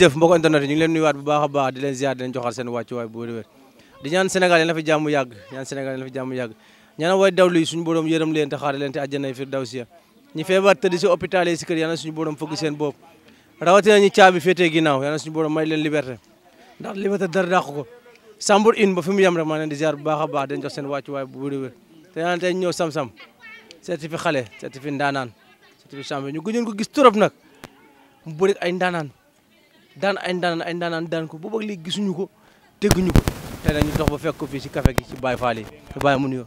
jëf mbokk internet ñu ngi leen nuyuwaat bu baax a baax di leen ziar di leen joxaat seen wàccuwaay bu wér di ñaan Sénégal yéen la fi jàmm yàgg ñaan Sénégal yéen la fi jàmm yàgg ñaana way daw suñu borom yërëm leen te xaare leen te àjjana fir daw si ñi feebar tëdd si hôpital yi leen liberté ndax ba fi mu yem rek maa leen di ziar bu baax a baax di leen jox seen wàccuwaay bu wér te ñaan tey ñëw sam-sam certifié xale certifié ndaanaan certifié champion ñu gëjoon ko gis trop nag daan ay ndaanaan ay ndaanaan daan ko boobu ak gisuñu ko teguñu ko te nag ñu ba fekk ko fii si café gi ci Baye Fall yi te mu nuyoo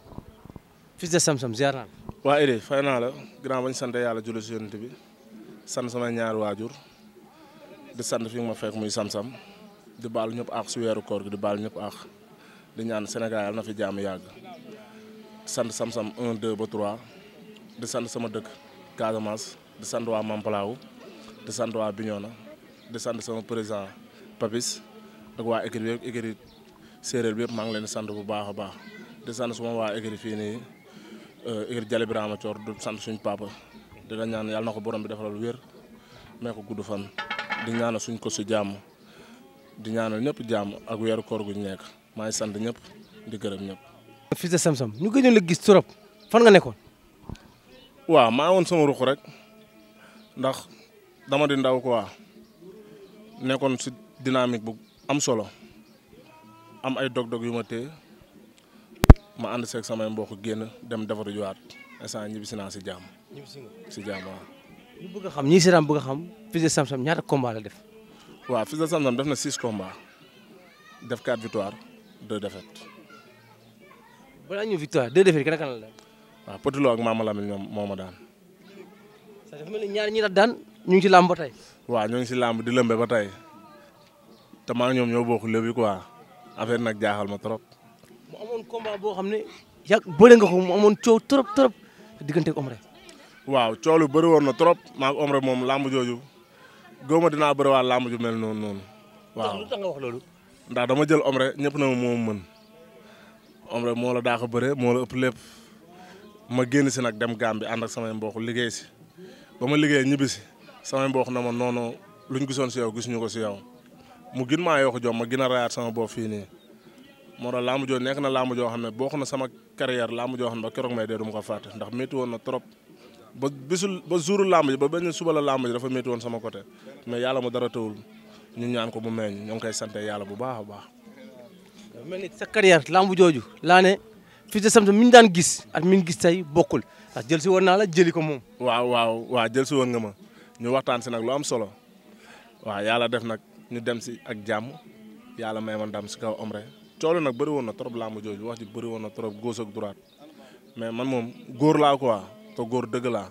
fils de Sam Sam ziar naa la. waa Iri fay naa la grand bañ sant yàlla julli si yonent bi sant sama ñaari waajur di sant fi ma fekk muy Sam Sam di baal ñëpp aax si weeru koor gi di baal ñëpp aax di ñaan Sénégal yàlla na fi jaamu yàgg sant Sam Sam 1 2 ba 3 di sant sama dëkk Casamance di sant waa Mampalaaw di sant waa Bignona. di sant sama président Papis ak waa écurie bi yëpp bi yëpp maa ngi leen sant bu baax a baax di sant suma waa écurie fii nii euh, écurie Jalle Birama Thior du sant suñ papa di la ñaan yàlla na ko borom bi defal lu wér mee ko gudd fan di ñaanal suñ ko su jàmm di ñëpp jàmm ak weeru koor gu nekk maa ngi sant ñëpp di gërëm ñëpp. Fils de Sam Sam ñu gëjoon la gis trop fan nga nekkoon. waaw maa woon sama ruq rek ndax dama di ndaw quoi. nekkoon si dynamique bu am solo am ay dog-dog yu ma téye ma ànd seeg samay mbokk génn dem defaru juwaat instant ñibbi si naa si jàmm. ñibbi si nga si jàmm waaw. a xam ñii si daan bëgg a xam Fils de Sam Sam ñaata combat la def. waaw Fils de Sam def na six combats def quatre victoires deux défaites. balaa ñu victoire deux défaites kenn kan la daan. waaw Petit ak Mama ñoom moo ma daan. c'est-à-dire dafa ñaar ñi la daan ñu ngi ci làmb ba tey. waaw ñoo ngi si làmb di lëmbe ba tey ñoom ñoo bokk lébi quoi affaire nag jaaxal ma trop. mu amoon combat boo xam ne yàgg bëre nga ko mu amoon coow trop trop diggante ak Omre. waaw coow lu bëri woon na trop maa Omre moom làmb jooju góob ma dinaa bëriwaat làmb ju mel noonu noonu. waaw lu nga wax loolu. ndax dama jël Omre ñëpp na ma moo mën Omre moo la daa ko moo la ëpp lépp ma génn si nag dem Gàmbi ànd ak samay mbokk liggéey si ba ma liggéey ñibbi si samay mbokk na ma noonu lu ñu gisoon si yow gisuñu ko si yow mu gën maa yokk jom ma gën a rayaat sama bopp fii nii moo tax laamu joo nekk na laamu joo xam ne bokk na sama carrière laamu joo xam ne ba may dee ko fàtte ndax métti woon na trop ba bisul ba jouru làmb ji ba benn suba la làmb ji dafa métti sama côté mais yàlla mu dara tawul ñu ñaan ko mu meññ ñoo ngi koy sante yàlla bu baax a baax. mel ni sa làmb jooju laa ne fii de samedi mi ñu daan gis ak mi ngi gis tey bokkul jël si woon naa la jëli ko moom. waaw waaw waaw jël si woon nga ma. ñu waxtaan si nag lu am solo waaw yàlla def nag ñu dem si ak jàmm yàlla may ma dam si kaw Omre coolu nag bëri woon na trop làmb jooju wax ji bëri woon na trop gauche ak droite mais man moom góor laa quoi te góor dëgg laa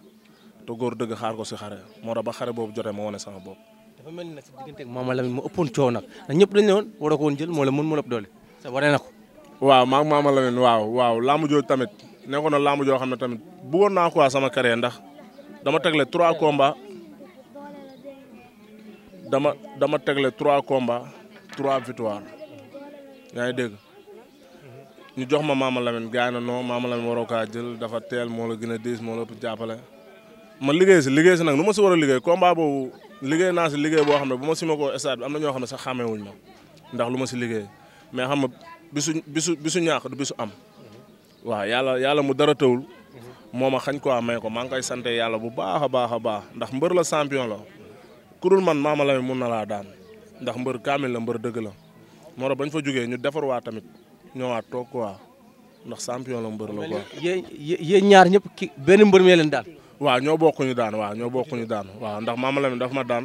te góor dëgg xaar ko si moo tax ba xare boobu jotee ma wane sama bopp. dafa mel ni nag si diggante ak Mama Lamine moo coow nag ñëpp dañ ne woon waroo ko woon jël moo la mën moo la ëpp doole sa waree na ko. waaw maa ngi Mama waaw waaw làmb jooju tamit nekkoon na làmb joo xam ne tamit bëggoon naa ko quoi sama carrière ndax dama tegle trois combats dama dama tegle trois combats trois victoire yaa ngi dégg ñu jox ma maam Maama Lamine gars yi na non Maama Lamine waroo a jël dafa teel moo la gën a diis moo la ëpp jàppale. ma liggéey si liggéey si nag nu ma si war a liggéey komba boobu liggéey naa si liggéey boo xam ne bu ma simee ko stade bi am na ñoo xam ne sax xàmmeewuñ ma ndax lu ma si liggéey mais xam nga bisu bisu bisu ñaax du bisu am. waaw yàlla yàlla mu dara tawul. moo ma xañ ko amee ko maa ngi koy sant yàlla bu baax a baax a baax ndax mbër la champion la. kurul man Mama Lamine mun na laa daan ndax mbër kaamil la mbër dëgg la moo bañ fa jógee ñu defar waa tamit waa toog quoi ndax champion la mbër la quoi. yéen ñaar ñëpp ki benn mbër mi leen daan. waaw ñoo bokkuñu daan waaw ñoo bokkuñu daan waaw ndax Mama Lamine daf ma daan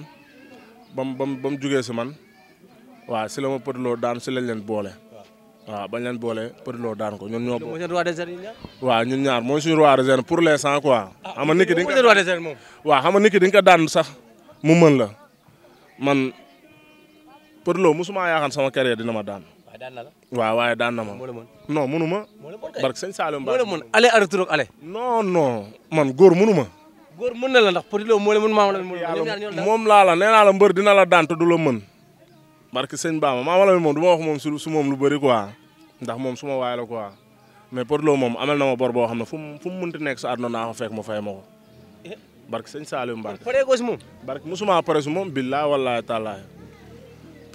ba mu ba mu jugee si man waa si la ma loo daan si la leen boole. waaw bañ leen boole loo daan ko ñun ñoo. mooy seen ñu des ñaar mooy suñu roi des arènes pour l'instant quoi. Ah, xam nga nit ki di nga daan sax. mu mën la man Pod Lo mosuma yaakaar sama carrière dina ma daan. waaye waaw waaye daan na ma. non mënu ma. barke sëñ Saloum Ba. moo la mën aller retour ak man góor mënu ma. góor mun na la ndax Pod Lo moo la mën moom laa la nee naa la mbër dina la daan te du la mën. barke sëñ Bamba maa ma la moom du ma wax moom su su moom lu bëri quoi ndax moom su ma waay la quoi mais Pod Lo moom amel na ma bor boo xam ne fu mu fu mënti nekk sa àdduna naa ko fekk fay barke sëñ Saliou Mbacke. paree ko si pare si moom billaa wallaahi taalaa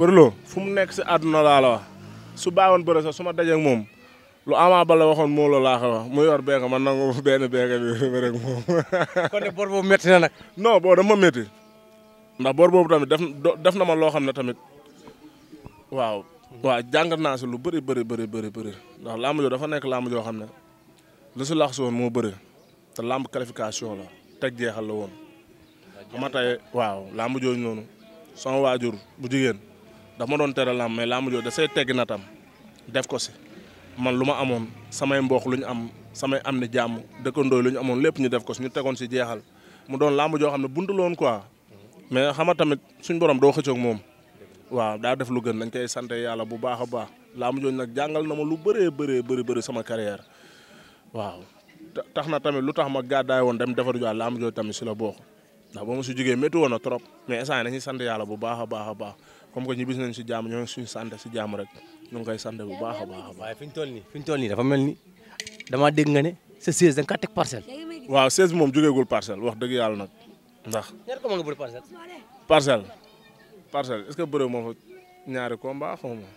përloo fu mu nekk si àdduna laa la wax su baawoon bëre sax su ma dajeeg moom lu Ama Baldé waxoon moo la laa ko mu yor beeka man nangu benn beeka bi rek moom. kon boobu métti na nag. non boo dama métti ndax bor boobu tamit def na ma loo xam ne tamit waaw. waaw jàngat naa si lu bëri bëri bëri bëri bëri ndax làmb joo dafa nekk làmb joo xam ne lu si lax si woon moo bëri te làmb qualification la. teg jeexal la woon xama tey waaw làmb jooju noonu sama waajur bu jigéen daf ma doon tere làmb mais làmb jooju da say tegg natam def ko si man lu ma amoon samay mbokk lu ñu am samay am ni jàmm dëkkandoo lu ñu amoon lépp ñu def ko si ñu tegoon si jeexal mu doon làmb joo xam ne buntu loon quoi mais xama tamit suñ borom doo xëccoog moom waaw daa def lu gën dañ koy sant yàlla bu baax a baax laa jooju nag jàngal na ma lu bëree bëree bëri bëri sama carrière waaw tax na tamit lu tax ma gàddaay woon dam defaru jàll làmb jooju tamit si la bokk ndax ba ma si jógee métti woon na trop mais instant yii dañuy sant yàlla bu baax a baax a baax comme que ñu bis nañ si jàmm ñoo ngi suñu sant si jàmm rek ñu ngi sant bu baax a baax a baax. waaye fi ñu toll nii fi ñu toll nii dafa mel ni damaa dégg nga ne sa 16 da nga kaa teg parcelle. waaw 16 bi moom jógeegul parcelle wax dëgg yàlla nag ndax. ñaar ko ma est-ce que bëre moo fa ñaari combat xaw ma.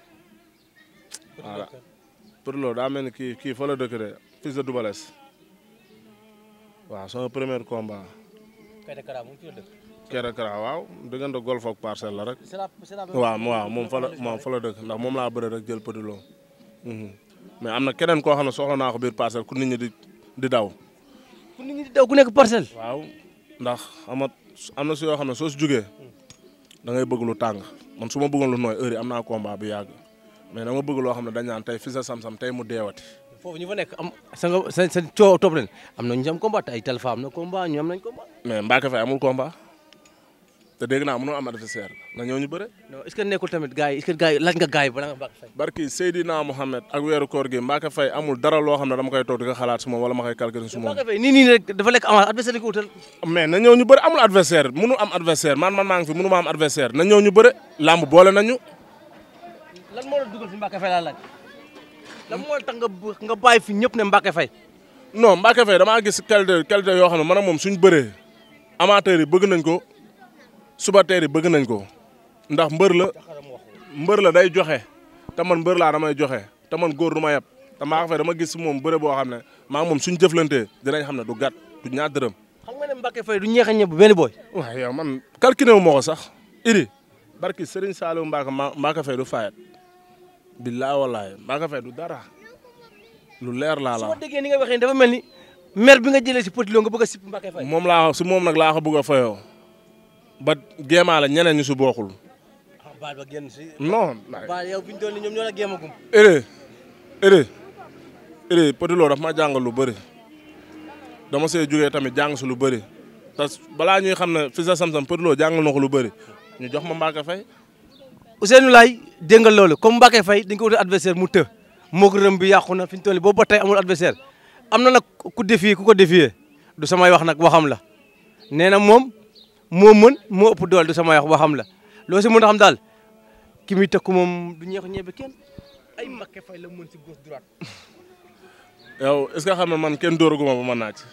voilà pour loolu daa mel ni kii kii fa la dëkk waaw soo premier combat. Kaita Kara mu waaw diggante golf ak parcelle la rek. waaw waaw moom fa la moom fa ndax moom laa bëre rek jël Petit Lo. Mhm. mais am na keneen koo xam ne soxla naa ko biir ku nit di di daw. ku nekk parcelle. waaw ndax ama am na si yoo xam ne soo si jógee hmm. da ngay bëgg lu tàng man su ma bëggoon lu nooy heure am naa combat bi yàgg mais dama bëgg loo xam ne dañ naan tey fi sam-sam tey mu deewati. foofu ñu fa nekk am sa nga sa sa coow topp leen am na ñu am combat te ay Talfa am na combat am nañ combat. mais Mbacké Faye amul te dégg naa mënoo na ñoo ñu bëre. non est ce que tamit gars yi est ce que gars yi yi bala nga Mbacké Faye. barki Seydina Mohamed ak weeru koor amul dara loo xam ne dama koy toog di ko xalaat su ma wala ma koy calculer su ma. Mbacké Faye nii nii rek dafa lekk avance adversaire di ko na ñoo ñu bëre amul am adversaire man am adversaire na ñoo ñu bëre làmb boole nañu. lan la lan moo tax nga nga bàyyi fi ñëpp ne Mbacké Faye non Mbacké Faye damaa gis qualité qualité yoo xam ne man ak moom suñ bëree amateurs yi bëgg nañ ko subateer yi bëgg nañ ko ndax mbër la mbër la day joxe te man mbër laa damay joxe te man góor du ma yab te Mbacké dama gis moom bëre boo xam ne maa moom suñ jëflantee danañ xam ne du gàtt du ñaar dërëm. xam nga ne Mbacké Faye du ñeex a ñëpp benn booy. waaw yow man calculé wu ko sax. Iri barki Serigne Saliou Mbacké Mbacké Faye du fayat. billaay wallaay maa ko fay du dara lu leer laa la su ni nga waxee dafa mel ni mer bi nga jëlee si Petit Lo nga bëgg a sipp Mbacké Faye moom laa si moom nag laax bugg bëgg a fayoo ba géemaa la ñeneen ñu si bokkul. ah baal ba génn si. non ma jàngal lu bari dama see jógee tamit jàng si lu bari te balaa ñu xam ne fi sa sam-sam Petit Lo jàngal na ko lu bari ñu jox ma Mbacké Faye Ousseynou Laye dégg comme Mbacké fay dañ ko wutal adversaire mu të moo ko rëm bi yàqu na fi ñu toll nii boobu ba tey amul adversaire am na nag ku défier ku ko défier du samay wax nag waxam la nee na moom moo mën moo ëpp doole du samay wax waxam la loo si mën a xam daal ki muy tëkku moom du ñeexu ñebe kenn ay Mbacké Faye la mën si gauche droite. yow est-ce que xam nga man kenn dóoraguma ba ma naaj.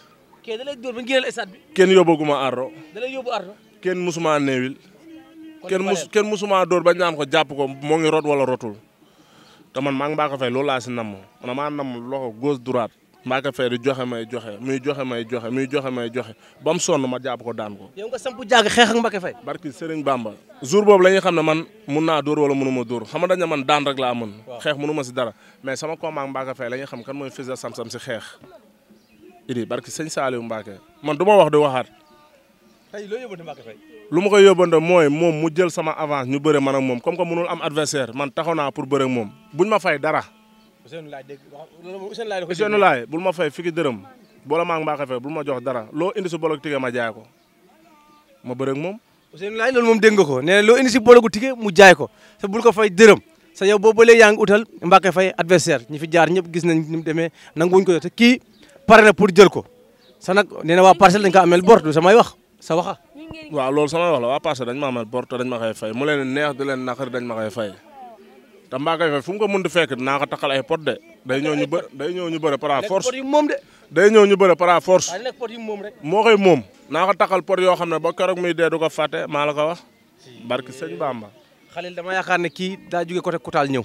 kenn da lay dóor ba ngeen stade bi. kenn yóbbaguma arro. da lay yóbbu arro. kenn musuma néewil. kenn mus kenn musumaa dóor ba ñaan ko jàpp ko moo ngi rot wala rotul te man maa ngi Mbaaka Faye loolu laa si namm man maa namm loxo gauche droite Mbaaka Faye di joxe may joxe muy joxe may joxe muy joxe may joxe ba mu sonn ma jàpp ko daan ko. yow nga sampu jàgg xeex ak Mbaaka Faye. barki Serigne Bamba jour boobu la ñuy xam ne man mun naa dóor wala mënuma dóor xam nga dañ man daan rek laa mën. xeex mënuma si dara mais sama combat ak Mbaaka Faye la xam kan mooy Fils de Sam Sam si xeex. idi barki sëñ Saliou mbaake man du ma wax di waxaat lu ma koy yóbbante mooy moom mu jël sama avance ñu bëre man ak moom comme que mënul am adversaire man taxaw naa pour moom buñ ma fay dara. Ousseynou Laye dégg Ousseynou Laye bul ma fay fii ki dërëm boola maa ngi baaxee fay bul ma jox dara loo indi si boloog tige ma jaay ko ma bëre ak moom. Ousseynou Laye loolu moom dégg nga ko nee loo indi si boloogu tige mu jaay ko te bul ko fay dërëm sa yow boobu ba léegi yaa ngi utal Mbacké Faye adversaire ñi fi jaar ñëpp gis nañ ni mu demee nanguwuñ ko te kii pare na pour jël ko sa nag nee na waa parcelle dañ ko wax sa waxa waaw loolu sama wax la waa passé dañ ma amal bor te dañ ma koy fay mu leen neex di leen naqari dañ ma koy fay te mbaa fay fu ko mënut fekk naa ko taxal ay pot de day ñëw ñu bë day ñëw ñu bëre par force day ñëw ñu koy moom naa ko taxal pot yoo xam ne ba keroog muy dee du ko fàtte maa la ko wax barki sëñ Bamba Khalil dama yaakaar ne kii daa jóge côté Koutal ñëw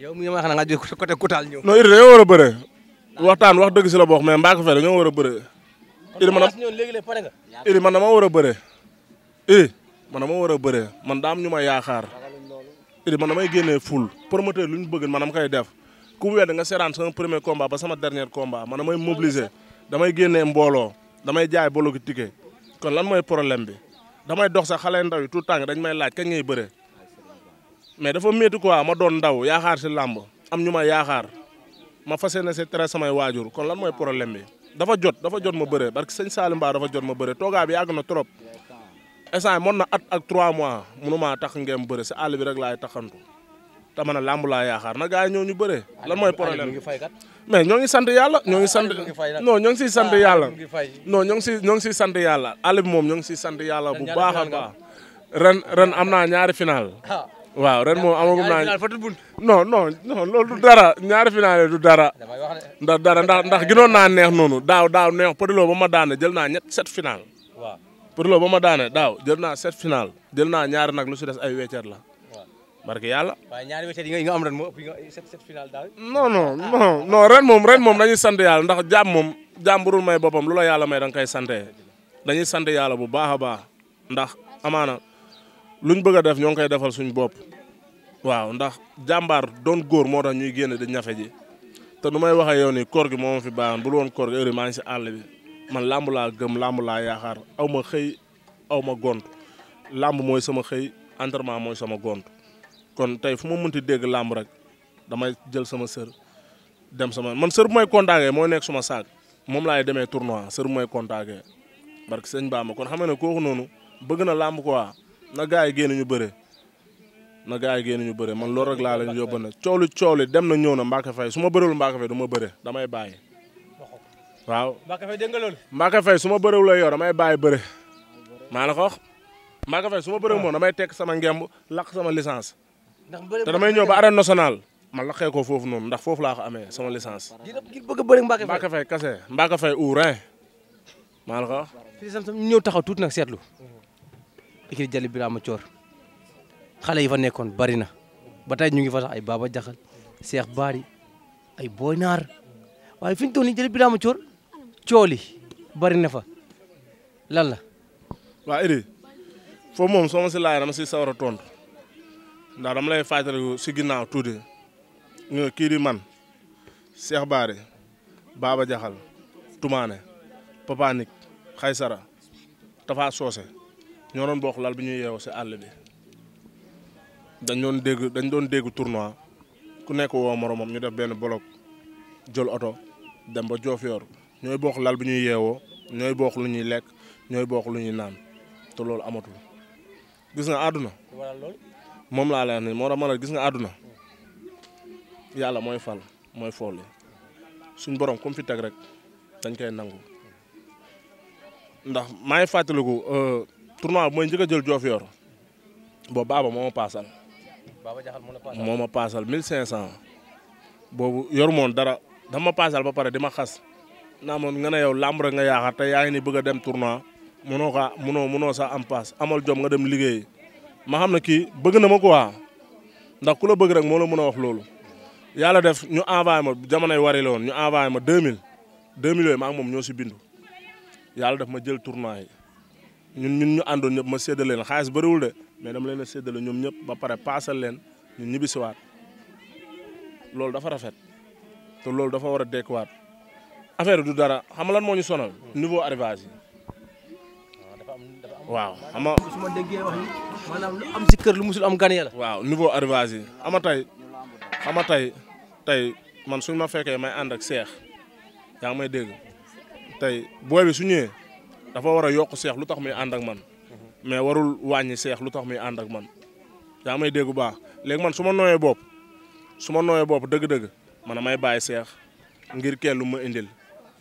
yow mi nga xam ne nga jóge côté Koutal ñëw non it dañoo war a bëre waxtaan wax dëgg si la bokk mais mbaa ko dañoo war a bëre Iri man Iri man dama war a bëre Iri man dama war a bëre man daam ñu ma yaakaar Iri man damay génnee ful promoteur lu ñu bëgg man ma koy def ku wedd nga seetaan sama premier combat ba sama dernier combat man damay mobiliser damay génnee mbooloo damay jaay bologi ticket kon lan mooy problème bi damay dox sax xale ndaw yi tout tàng dañ may laaj kañ ngay bëre mais dafa métti quoi ma doon ndaw yaakaar si làmb am ñu ma yaakaar ma fas yéene si tere samay waajur kon lan mooy problème bi dafa jot dafa jot ma bëre parce que sëñ Salim Ba dafa jot ma bëre toogaa bi yàgg na trop instant moon na at ak 3 mois mënumaa tax ngeen bëre si àll bi rek laay taxantu te man a làmb laa yaakaar na gars yi ñoo ñu bëre. lan mooy problème mais ñoo ngi sant yàlla ñoo ngi sant. non ñoo ngi siy sant yàlla. non ñoo ngi siy ñoo ngi sant yàlla àll moom ñoo ngi siy sant yàlla bu baax a ren ren am naa ñaari final. waaw ren moom amagum naa non non non loolu du dara ñaari finale du dara. ndax dara ndax ndax ginoon naa neex noonu daaw daaw neex Petit loo ba ma daane jël naa ñett sept final. waaw Petit Lo ba ma daane daaw jël naa sept final jël naa ñaari nag lu si des ay wecceet la. barke yàlla. waaye ñaari wecceet yi nga am ren moo ëpp nga sept sept final daaw. non non moom ren moom dañuy sant yàlla ndax jàmm moom jàmm burul may boppam lu la yàlla may da nga koy sante dañuy sant yàlla bu baax a baax ndax amaana. luñ bëgg a def ñoo ngi koy defal suñu bopp waaw ndax jàmbaar doon góor moo tax ñuy génn di ñafe ji te nu may waxee yow nii koor gi moo fi baaxoon bul woon koor gi heure maa ngi si àll bi man làmb laa gëm làmb laa yaakaar aw ma xëy aw ma gont làmb mooy sama xëy entraînement mooy sama gont kon tey fu ma mënti dégg làmb rek damay jël sama sër dem sama man sër bu may contacté mooy nekk suma saag moom laay demee tournoi sër bu may contacté barke sëñ Bamba kon xam ne kooku noonu bëgg na làmb quoi. na gars yi génn ñu bëre na gars yi ñu bëre man loolu rek laa leen yóbbu na coow li coow dem na ñëw na Mbacke Faye suma ma bërewul Mbacke Faye du ma bëre damay bàyyi. waaw Mbacke Faye dégg nga loolu. Mbacke Faye su ma bërewul la yow damay maa la ko wax. Mbacke Faye su ma bërewul moom damay tekk sama ngemb lakk sama licence. ndax te damay ñëw ba arène nationale. ma laqee ko foofu noonu ndax foofu laa ko amee sama licence. di di bëgg a bëri Mbacke Faye Mbacke Faye kase Mbacke Faye ourin maa la ko wax. fii sax ñëw taxaw tuuti nag seetlu ikiri jali Birama Coor xale yi fa nekkoon bari na ba ñu ngi fa sax ay Baba Jaxal Cheikh baari ay Boy waaye fi ñu toll nii jali Birama Coor cooli bari na fa lan la. waaw Iri moom soo ma si laajee dama si sawar a tontu ndax dama lay fàttaliku si ginnaaw tuuti nga kii man Cheikh Bari Baba Jaxal Tumaane Papanik Xaysara Tafa Soose. ñoo doon bokk lal bi ñuy yeewoo si àll bi dañ doon dégg dañ doon dégg tournoi ku nekk woo moromam ñu def benn bloc jël oto dem ba Diofior ñooy bokk lal bi ñuy yeewoo ñooy bokk lu ñuy lekk ñooy bokk lu ñuy naan te loolu amatul gis nga àdduna. moom laa leen ni moo tax ma ne gis nga àdduna yàlla mooy fal mooy fool suñ borom comme fi teg rek dañ koy nangu ndax maa ngi fàttaliku euh, tournoi bi mooy njëkk a jël joof yor baaba moo ma paasal. baaba jaxal moo ma paasal moo ma paasal 1500. boobu yor moon dara dama paasal ba pare di ma xas naa moon nga ne yow làmb rek nga yaakaar te yaa ngi ni bëgg a dem tournoi munoo kaa noo munoo sa am paas amal jom nga dem liggéey ma xam ne kii bëgg na ma quoi ndax ku la bëgg rek moo la mën a wax loolu. yàlla def ñu envoyé ma jamonoy wari la woon ñu envoyé ma 2000 2000 yooyu ma ak moom ñoo si bindu yàlla def ma jël tournoi yi. ñun ñun ñu àndoon ñëpp ma séddale leen xaalis bëriwul de mais dama leen a séddale ñoom ñëpp ba pare paasal leen ñun ñibbisiwaat loolu dafa rafet te loolu dafa war a dekkuwaat affaire du dara xam lan moo ñu sonal niveau arrivage yi. waaw xam nga su ma lu am si am gan waaw niveau arrivage yi ama tay ama tay tey man suñ ma fekkee may ànd ak seex yaa may dégg tey booy bi su ñëwee. dafa war a yokk seex lu tax muy ànd ak man mais warul wàññi seex lu tax muy ànd ak man yaa may dégg bu baax léegi man su ma nooyee bopp su ma nooyee bopp dëgg-dëgg man may bàyyi seex ngir kee lu ma indil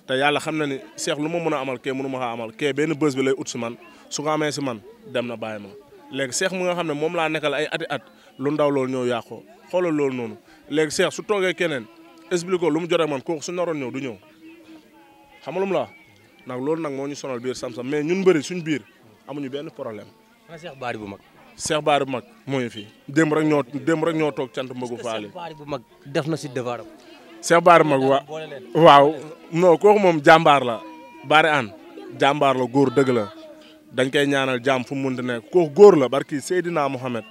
te yàlla xam na ni seex lu ma mun a amal kee mënu ma xaa amal kee benn bës bi lay ut si man su ko amee si man dem na bàyyi ma léegi seex mu nga xam ne moom laa nekkal ay ati at lu ndaw loolu ñëw yàqoo xoolal loolu noonu léegi seex su toogee keneen expliqué lu mu jot man kooku su naroon ñëw du ñëw xamalum la ndax loolu nag moo ñu sonal biir sam mais ñun bëri suñ biir amuñu benn problème. ah Baari bu mag. Cheikh Baari bu mag mooy fii démb rek ñoo démb rek ñoo toog cant mbëggu faale. Cheikh Baari bu mag def na si defaram. Cheikh Baari bu waa waaw no kooku moom jàmbaar la Baari an jàmbaar la góor dëgg la dañ koy ñaanal jàmm fu mu mën di nekk kooku góor la barki Seydina Mohamed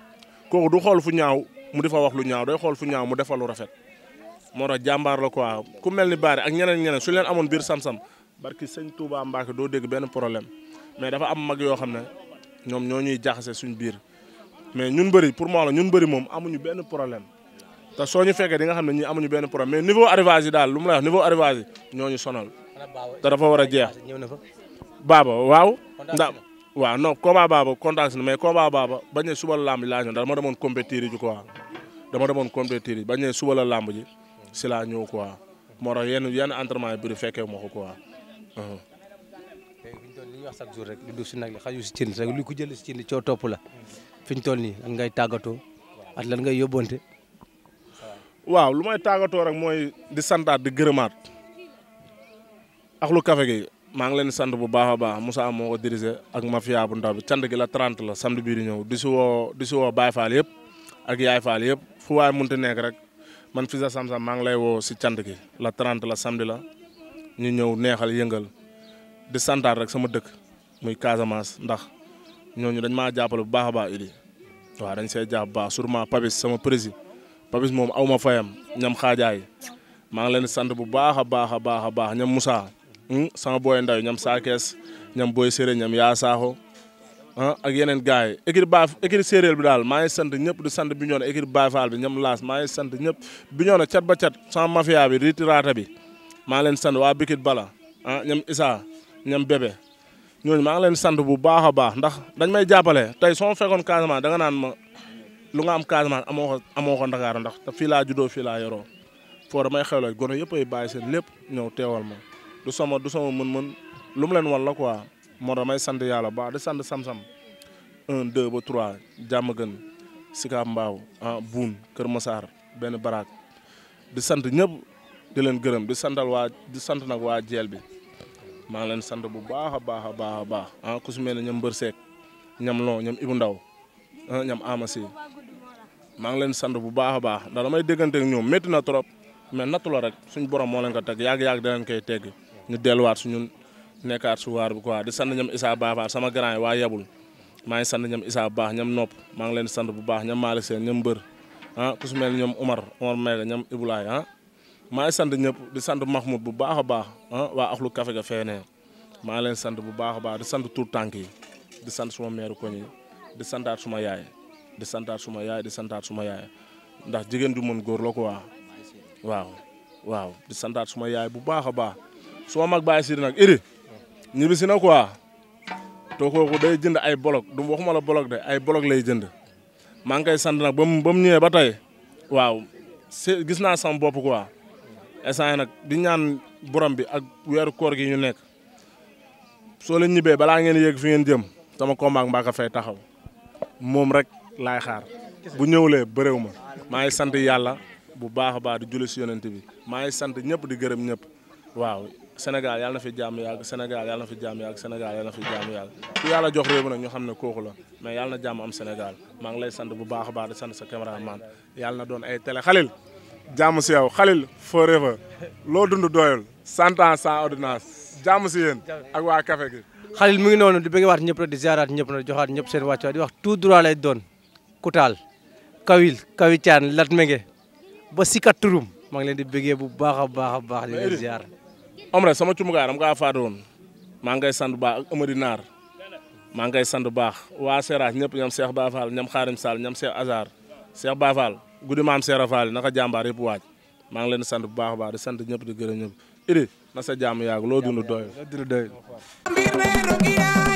kooku du xool fu ñaaw mu defa wax lu ñaaw day xool fu ñaaw mu defa lu rafet moo tax jàmbaar la quoi ku mel ni Baari ak ñeneen ñeneen su leen amoon biir samsam barki sëñ Touba Mbacke doo dégg benn problème mais dafa am mag yoo xam ne ñoom ñoo ñuy jaxase suñu biir mais ñun bëri pour moi la ñun bëri moom amuñu benn problème te soo ñu fekkee di nga xam ne ñii amuñu benn problème mais niveau arrivage daal lu mu la wax niveau arrivage ñoo ñu sonal. te dafa war a jeex. baaba waaw. ndax waaw non combat baaba contact na mais combat baaba bañ ne suba la làmb laa ñëw dama demoon compétir ji quoi dama demoon compétir ji bañ ne la làmb ji si laa ñëw quoi moo tax yenn yenn entraînement yi fekkee ma ko quoi. léegi uh-huh. fi ñu toll li ñuy jour rek lu dugg si nag li xaju si cin rek lu ko jël si cin coo topp la fi ñu toll nii lan ngay tàggatoo ak lan ngay yóbbante waaw lu may tàggatoo rek mooy di santaat di gërëmaat ak lu kafe gi maa ngi leen sant bu baax a baax Moussa moo ko dirigé ak mafia bu ndaw bi cant gi la 30 la samedi bii di ñëw di si woo di si woo Baye yëpp ak Yaay Fall yëpp fu waay munti nekk rek man Fils de Sam Sam maa ngi lay woo si cant gi la 30 la samedi la ñu ñëw neexal yëngal di santaat rek sama dëkk muy Casamance ndax ñooñu dañ maa jàppale bu baax a baax Idi waaw dañ see jàpp baax sûrement pabis sama président Papis moom aw ma fayam ñam xaajaay maa ngi leen sant bu baax a baax a baax a baax ñam Moussa hmm, sama booy ndaw ñam Saakees ñam booy séeréer ñam yaa saaxo ah ak yeneen gars yi équipe ba équipe séeréer bi daal maa ngi sant ñëpp di sant bi ñoo ne équipe Baay bi ñam laas maa ngi sant ñëpp bi ñoo ne cat ba cat sama mafia bi ritirata bi maa leen sant waa Bikit Bala ah ñoom Issa ñoom Bébé ñooñu maa ngi leen sant bu baax a baax ndax dañ may jàppale tey soo fekkoon Casamance danga naan ma lu nga am Casamance amoo ko amoo ko Ndakaaru ndax te fii laa juddoo fii laa yoroo foo may xeloo gone yëpp ay bàyyi seen lépp ñëw teewal ma du sama du sama mën-mën lu mu leen wan la quoi moo damay sant yàlla bu baax di sant sam ba trois jàmm gën Sika Mbaaw ah, Buun Kër Massar benn baraak di sant ñëpp. di leen gërëm di santal waa di sant nag waa jeel bi maa ngi leen sant bu baax a baax a baax a baax ah ku su mel Mbër seek ñoom Long ñoom Ibou Ndaw ah, ñoom Amasi maa ngi leen sant bu baax a baax ndax damay déggante ak ñoom métti na trop mais nattu la rek suñ borom moo leen ko teg yàgg-yàgg danañ koy tegg ñu delluwaat suñu nekkaat su waar bi quoi di sant ñoom Issa Bafa sama grand yi waa yebul maa ngi sant ñoom Issa bu baax ñoom nopp maa ngi leen sant bu baax ñoom Malick Sène ñoom Mbër ah ku su mel ne ñoom Omar Omar Mega Ibulaay maa sant ñëpp di sant Mahmoud bu baax a baax ah waa axlu kafe ga feenee maa ngi leen sant bu baax a baax di sant tur tànk yi di sant suma meeru koñ yi di santaat suma yaay di santaat suma yaay di santaat suma yaay ndax jigéen ju mën góor la ko waa waaw waaw di santaat suma yaay bu baax a baax suma mag bàyyi siri nag iri ñibbi si na quoi too kooku day jënd ay bolok du waxuma la bolok de ay bolok lay jënd maa ngi koy sant nag ba mu ba mu ba tey waaw gis naa sama bopp quoi instant nag di ñaan borom bi ak weeru koor gi ñu nekk soo leen ñibbee balaa ngeen yéeg fi ngeen jëm sama combat ak Mbaaka Faye taxaw moom rek laay xaar bu ñëwlee bëréew ma maa ngi sant yàlla bu baax a baax di julli si yonent bi maa ngi sant ñëpp di gërëm ñëpp waaw Sénégal yàlla na fi jàmm yàgg Sénégal yàlla na fi jàmm yàgg Sénégal yàlla na fi jàmm yàlla jox réew mi nag ñu xam ne kooku la mais yàlla na jàmm am Sénégal maa ngi lay sant bu baax a baax di sant sa caméraman yàlla na doon ay télé jàmm si yow xalil forever loo dund doyul cent san sans ordonnance jàmm si ak waa café gi xalil mu ngi noonu di bëgg waat ñëpp nag di ziaraat ñëpp nag joxaat ñëpp seen wàccuwaay di wax tout droit lay doon kutaal kawil kawi caan lat menge turum maa ngi leen di bëggee bu baax a baax a baax di leen ziar om rek sama cumukaay dama kaa faatu woon maa ngay sant baax ak Amady Naar maa ngay sant baax waa Seras ñëpp ñam Cheikh Ba Fall ñam Xaarim Sall ñam Cheikh Azar Cheikh Ba guddi maam Seera Faal naka jàmbaar yëpp waaj maa ngi leen di sant bu baax a baax di sant ñëpp di gërëm ñëpp Idi na sa jàmm yàgg loo dund doyul.